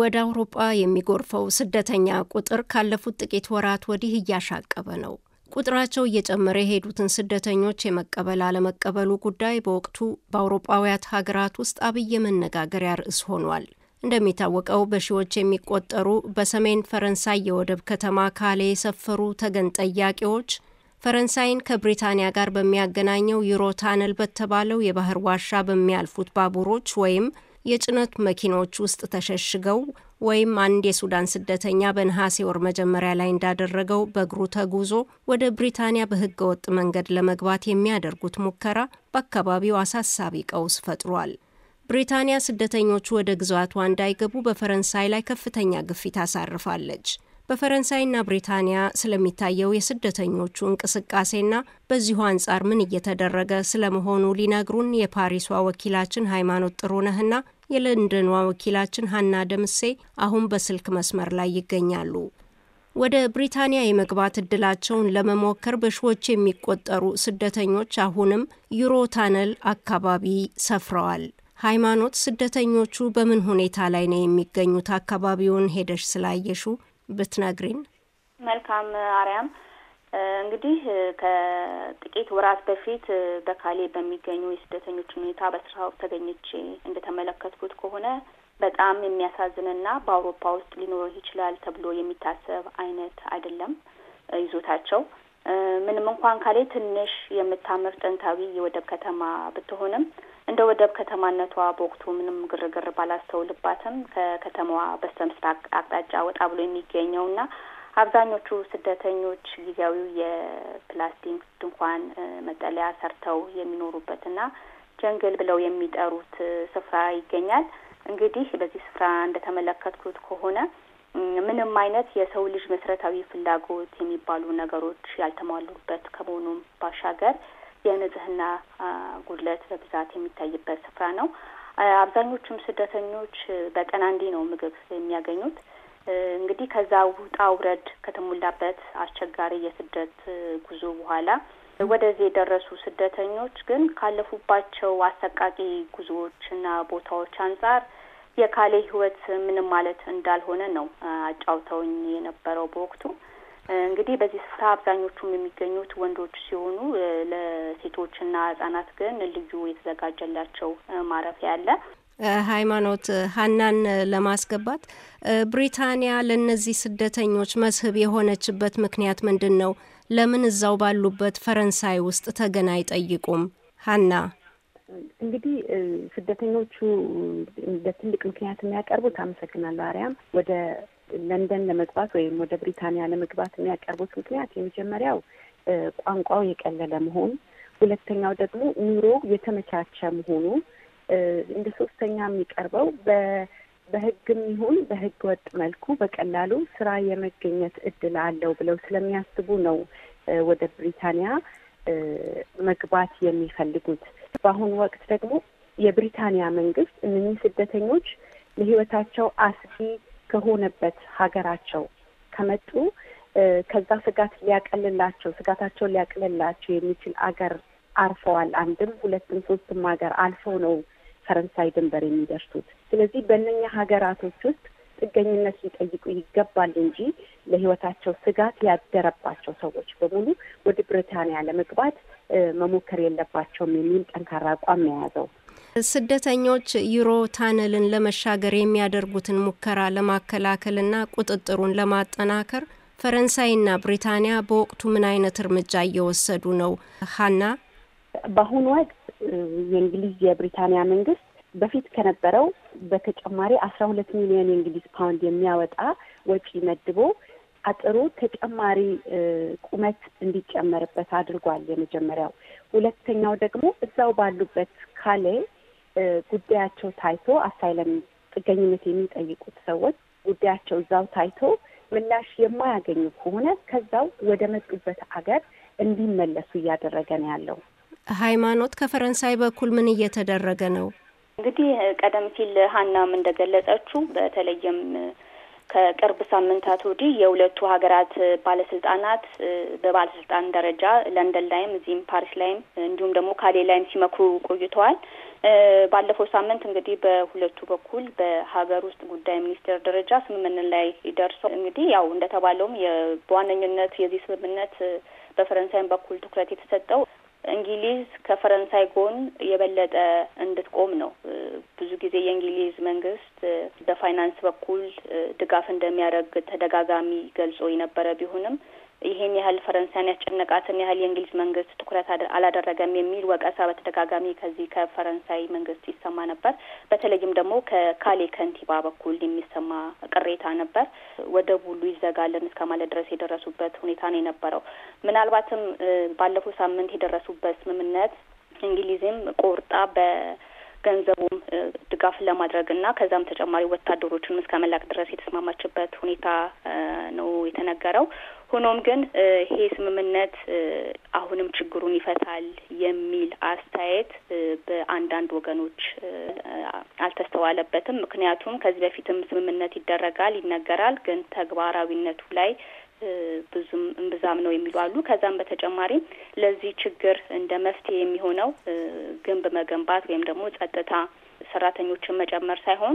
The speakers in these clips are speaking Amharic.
ወደ አውሮጳ የሚጎርፈው ስደተኛ ቁጥር ካለፉት ጥቂት ወራት ወዲህ እያሻቀበ ነው። ቁጥራቸው እየጨመረ የሄዱትን ስደተኞች የመቀበል አለመቀበሉ ጉዳይ በወቅቱ በአውሮጳውያት ሀገራት ውስጥ አብይ መነጋገሪያ ርዕስ ሆኗል። እንደሚታወቀው በሺዎች የሚቆጠሩ በሰሜን ፈረንሳይ የወደብ ከተማ ካሌ የሰፈሩ ተገን ጠያቂዎች ፈረንሳይን ከብሪታንያ ጋር በሚያገናኘው ዩሮታነል በተባለው የባህር ዋሻ በሚያልፉት ባቡሮች ወይም የጭነት መኪኖች ውስጥ ተሸሽገው ወይም አንድ የሱዳን ስደተኛ በነሐሴ ወር መጀመሪያ ላይ እንዳደረገው በእግሩ ተጉዞ ወደ ብሪታንያ በህገወጥ መንገድ ለመግባት የሚያደርጉት ሙከራ በአካባቢው አሳሳቢ ቀውስ ፈጥሯል። ብሪታንያ ስደተኞቹ ወደ ግዛቷ እንዳይገቡ በፈረንሳይ ላይ ከፍተኛ ግፊት አሳርፋለች። በፈረንሳይና ብሪታንያ ስለሚታየው የስደተኞቹ እንቅስቃሴና በዚሁ አንጻር ምን እየተደረገ ስለመሆኑ ሊነግሩን የፓሪሷ ወኪላችን ሃይማኖት ጥሩነህና የለንደኗ ወኪላችን ሀና ደምሴ አሁን በስልክ መስመር ላይ ይገኛሉ። ወደ ብሪታንያ የመግባት እድላቸውን ለመሞከር በሺዎች የሚቆጠሩ ስደተኞች አሁንም ዩሮ ታነል አካባቢ ሰፍረዋል። ሃይማኖት፣ ስደተኞቹ በምን ሁኔታ ላይ ነው የሚገኙት? አካባቢውን ሄደሽ ስላየሹ ብትነግሪን። መልካም አርያም። እንግዲህ ከጥቂት ወራት በፊት በካሌ በሚገኙ የስደተኞች ሁኔታ በስራው ተገኝቼ እንደተመለከትኩት ከሆነ በጣም የሚያሳዝንና በአውሮፓ ውስጥ ሊኖር ይችላል ተብሎ የሚታሰብ አይነት አይደለም ይዞታቸው። ምንም እንኳን ካሌ ትንሽ የምታምር ጥንታዊ የወደብ ከተማ ብትሆንም እንደ ወደብ ከተማነቷ በወቅቱ ምንም ግርግር ባላስተውልባትም ከከተማዋ በስተ አቅጣጫ ወጣ ብሎ የሚገኘውና አብዛኞቹ ስደተኞች ጊዜያዊ የፕላስቲክ ድንኳን መጠለያ ሰርተው የሚኖሩበትና ጀንግል ብለው የሚጠሩት ስፍራ ይገኛል። እንግዲህ በዚህ ስፍራ እንደተመለከትኩት ከሆነ ምንም አይነት የሰው ልጅ መሰረታዊ ፍላጎት የሚባሉ ነገሮች ያልተሟሉበት ከመሆኑም ባሻገር የንጽህና ጉድለት በብዛት የሚታይበት ስፍራ ነው። አብዛኞቹም ስደተኞች በቀን አንዴ ነው ምግብ የሚያገኙት። እንግዲህ ከዛ ውጣ ውረድ ከተሞላበት አስቸጋሪ የስደት ጉዞ በኋላ ወደዚህ የደረሱ ስደተኞች ግን ካለፉባቸው አሰቃቂ ጉዞዎችና ቦታዎች አንጻር የካሌ ህይወት ምንም ማለት እንዳልሆነ ነው አጫውተውኝ የነበረው በወቅቱ። እንግዲህ በዚህ ስፍራ አብዛኞቹም የሚገኙት ወንዶች ሲሆኑ ሴቶችና ህጻናት ግን ልዩ የተዘጋጀላቸው ማረፊያ አለ። ሃይማኖት ሀናን ለማስገባት ብሪታንያ ለእነዚህ ስደተኞች መስህብ የሆነችበት ምክንያት ምንድን ነው? ለምን እዛው ባሉበት ፈረንሳይ ውስጥ ተገና አይጠይቁም? ሀና እንግዲህ ስደተኞቹ በትልቅ ምክንያት የሚያቀርቡት አመሰግናለሁ አርያም ወደ ለንደን ለመግባት ወይም ወደ ብሪታንያ ለመግባት የሚያቀርቡት ምክንያት የመጀመሪያው ቋንቋው የቀለለ መሆን ሁለተኛው ደግሞ ኑሮ የተመቻቸ መሆኑ፣ እንደ ሶስተኛ የሚቀርበው በህግም ይሁን በህገ ወጥ መልኩ በቀላሉ ስራ የመገኘት እድል አለው ብለው ስለሚያስቡ ነው ወደ ብሪታንያ መግባት የሚፈልጉት። በአሁኑ ወቅት ደግሞ የብሪታንያ መንግስት እነኚህ ስደተኞች ለህይወታቸው አስጊ ከሆነበት ሀገራቸው ከመጡ ከዛ ስጋት ሊያቀልላቸው ስጋታቸውን ሊያቀልላቸው የሚችል አገር አርፈዋል። አንድም ሁለትም ሶስትም ሀገር አልፈው ነው ፈረንሳይ ድንበር የሚደርሱት። ስለዚህ በእነኛ ሀገራቶች ውስጥ ጥገኝነት ሊጠይቁ ይገባል እንጂ ለሕይወታቸው ስጋት ያደረባቸው ሰዎች በሙሉ ወደ ብሪታንያ ለመግባት መሞከር የለባቸውም የሚል ጠንካራ አቋም የያዘው ስደተኞች ዩሮ ታነልን ለመሻገር የሚያደርጉትን ሙከራ ለማከላከልና ቁጥጥሩን ለማጠናከር ፈረንሳይና ብሪታንያ በወቅቱ ምን አይነት እርምጃ እየወሰዱ ነው? ሀና በአሁኑ ወቅት የእንግሊዝ የብሪታንያ መንግስት በፊት ከነበረው በተጨማሪ አስራ ሁለት ሚሊዮን የእንግሊዝ ፓውንድ የሚያወጣ ወጪ መድቦ አጥሩ ተጨማሪ ቁመት እንዲጨመርበት አድርጓል። የመጀመሪያው። ሁለተኛው ደግሞ እዛው ባሉበት ካሌ ጉዳያቸው ታይቶ አሳይለም ጥገኝነት የሚጠይቁት ሰዎች ጉዳያቸው እዛው ታይቶ ምላሽ የማያገኙ ከሆነ ከዛው ወደ መጡበት አገር እንዲመለሱ እያደረገ ነው ያለው። ሃይማኖት ከፈረንሳይ በኩል ምን እየተደረገ ነው? እንግዲህ ቀደም ሲል ሀናም እንደገለጸችው በተለይም ከቅርብ ሳምንታት ወዲህ የሁለቱ ሀገራት ባለስልጣናት በባለስልጣን ደረጃ ለንደን ላይም እዚህም ፓሪስ ላይም እንዲሁም ደግሞ ካሌ ላይም ሲመክሩ ቆይተዋል። ባለፈው ሳምንት እንግዲህ በሁለቱ በኩል በሀገር ውስጥ ጉዳይ ሚኒስቴር ደረጃ ስምምነት ላይ ደርሰው እንግዲህ ያው እንደተባለውም በዋነኝነት የዚህ ስምምነት በፈረንሳይም በኩል ትኩረት የተሰጠው እንግሊዝ ከፈረንሳይ ጎን የበለጠ እንድትቆም ነው። ብዙ ጊዜ የእንግሊዝ መንግስት በፋይናንስ በኩል ድጋፍ እንደሚያደርግ ተደጋጋሚ ገልጾ የነበረ ቢሆንም ይሄን ያህል ፈረንሳይን ያስጨነቃትን ያህል የእንግሊዝ መንግስት ትኩረት አላደረገም የሚል ወቀሳ በተደጋጋሚ ከዚህ ከፈረንሳይ መንግስት ይሰማ ነበር። በተለይም ደግሞ ከካሌ ከንቲባ በኩል የሚሰማ ቅሬታ ነበር። ወደቡ ሁሉ ይዘጋልን እስከ ማለት ድረስ የደረሱበት ሁኔታ ነው የነበረው። ምናልባትም ባለፈው ሳምንት የደረሱበት ስምምነት እንግሊዝም ቆርጣ በ ገንዘቡም ድጋፍ ለማድረግ እና ከዛም ተጨማሪ ወታደሮቹንም እስከ መላክ ድረስ የተስማማችበት ሁኔታ ነው የሚነገረው። ሆኖም ግን ይሄ ስምምነት አሁንም ችግሩን ይፈታል የሚል አስተያየት በአንዳንድ ወገኖች አልተስተዋለበትም። ምክንያቱም ከዚህ በፊትም ስምምነት ይደረጋል፣ ይነገራል፣ ግን ተግባራዊነቱ ላይ ብዙም እምብዛም ነው የሚሉ አሉ። ከዛም በተጨማሪ ለዚህ ችግር እንደ መፍትሄ የሚሆነው ግንብ መገንባት ወይም ደግሞ ጸጥታ ሰራተኞችን መጨመር ሳይሆን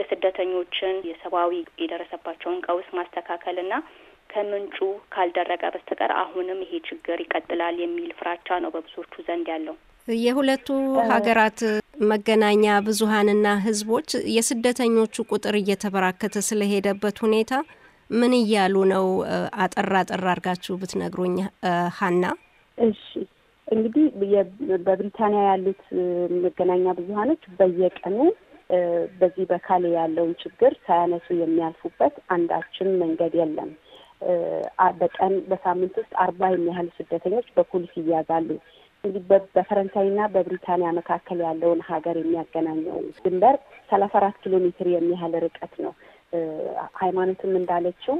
የስደተኞችን የሰብአዊ የደረሰባቸውን ቀውስ ማስተካከልና ከምንጩ ካልደረቀ በስተቀር አሁንም ይሄ ችግር ይቀጥላል የሚል ፍራቻ ነው በብዙዎቹ ዘንድ ያለው። የሁለቱ ሀገራት መገናኛ ብዙሀንና ህዝቦች የስደተኞቹ ቁጥር እየተበራከተ ስለሄደበት ሁኔታ ምን እያሉ ነው? አጠር አጠር አድርጋችሁ ብትነግሩኝ ሀና። እሺ እንግዲህ በብሪታንያ ያሉት መገናኛ ብዙሀኖች በየቀኑ በዚህ በካሌ ያለውን ችግር ሳያነሱ የሚያልፉበት አንዳችን መንገድ የለም። በቀን በሳምንት ውስጥ አርባ የሚያህል ስደተኞች በፖሊስ ይያዛሉ። እንግዲህ በፈረንሳይና በብሪታንያ መካከል ያለውን ሀገር የሚያገናኘው ድንበር ሰላሳ አራት ኪሎ ሜትር የሚያህል ርቀት ነው። ሃይማኖትም እንዳለችው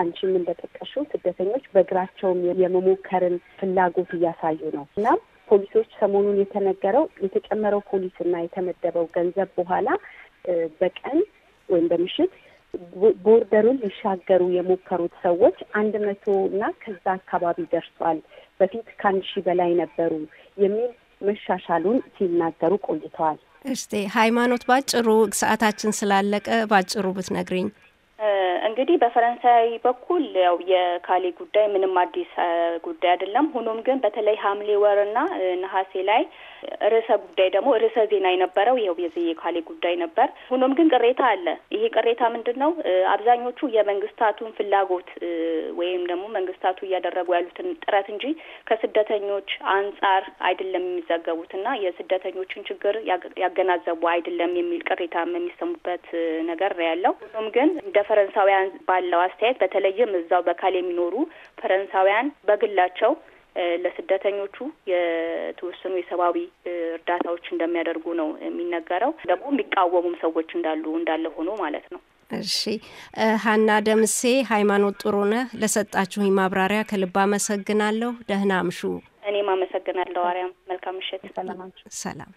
አንቺም እንደጠቀሽው ስደተኞች በእግራቸውም የመሞከርን ፍላጎት እያሳዩ ነው። እናም ፖሊሶች ሰሞኑን የተነገረው የተጨመረው ፖሊስና የተመደበው ገንዘብ በኋላ በቀን ወይም በምሽት ቦርደሩን ሊሻገሩ የሞከሩት ሰዎች አንድ መቶ እና ከዛ አካባቢ ደርሷል። በፊት ከአንድ ሺህ በላይ ነበሩ የሚል መሻሻሉን ሲናገሩ ቆይተዋል። እስቲ ሃይማኖት ባጭሩ፣ ሰዓታችን ስላለቀ ባጭሩ ብትነግሪኝ። እንግዲህ በፈረንሳይ በኩል ያው የካሌ ጉዳይ ምንም አዲስ ጉዳይ አይደለም። ሆኖም ግን በተለይ ሐምሌ ወርና ነሐሴ ላይ ርዕሰ ጉዳይ ደግሞ ርዕሰ ዜና የነበረው ይኸው የዚህ የካሌ ጉዳይ ነበር። ሆኖም ግን ቅሬታ አለ። ይሄ ቅሬታ ምንድን ነው? አብዛኞቹ የመንግስታቱን ፍላጎት ወይም ደግሞ መንግስታቱ እያደረጉ ያሉትን ጥረት እንጂ ከስደተኞች አንጻር አይደለም የሚዘገቡት እና የስደተኞችን ችግር ያገናዘቡ አይደለም የሚል ቅሬታ የሚሰሙበት ነገር ያለው ሆኖም ግን እንደ ፈረንሳውያን ባለው አስተያየት በተለይም እዛው በካል የሚኖሩ ፈረንሳውያን በግላቸው ለስደተኞቹ የተወሰኑ የሰብአዊ እርዳታዎች እንደሚያደርጉ ነው የሚነገረው። ደግሞ የሚቃወሙም ሰዎች እንዳሉ እንዳለ ሆኖ ማለት ነው። እሺ ሀና ደምሴ፣ ሃይማኖት ጥሩነህ ለሰጣችሁኝ ማብራሪያ ከልብ አመሰግናለሁ። ደህና አምሹ። እኔም አመሰግናለሁ። አርያም መልካም ምሽት። ሰላም።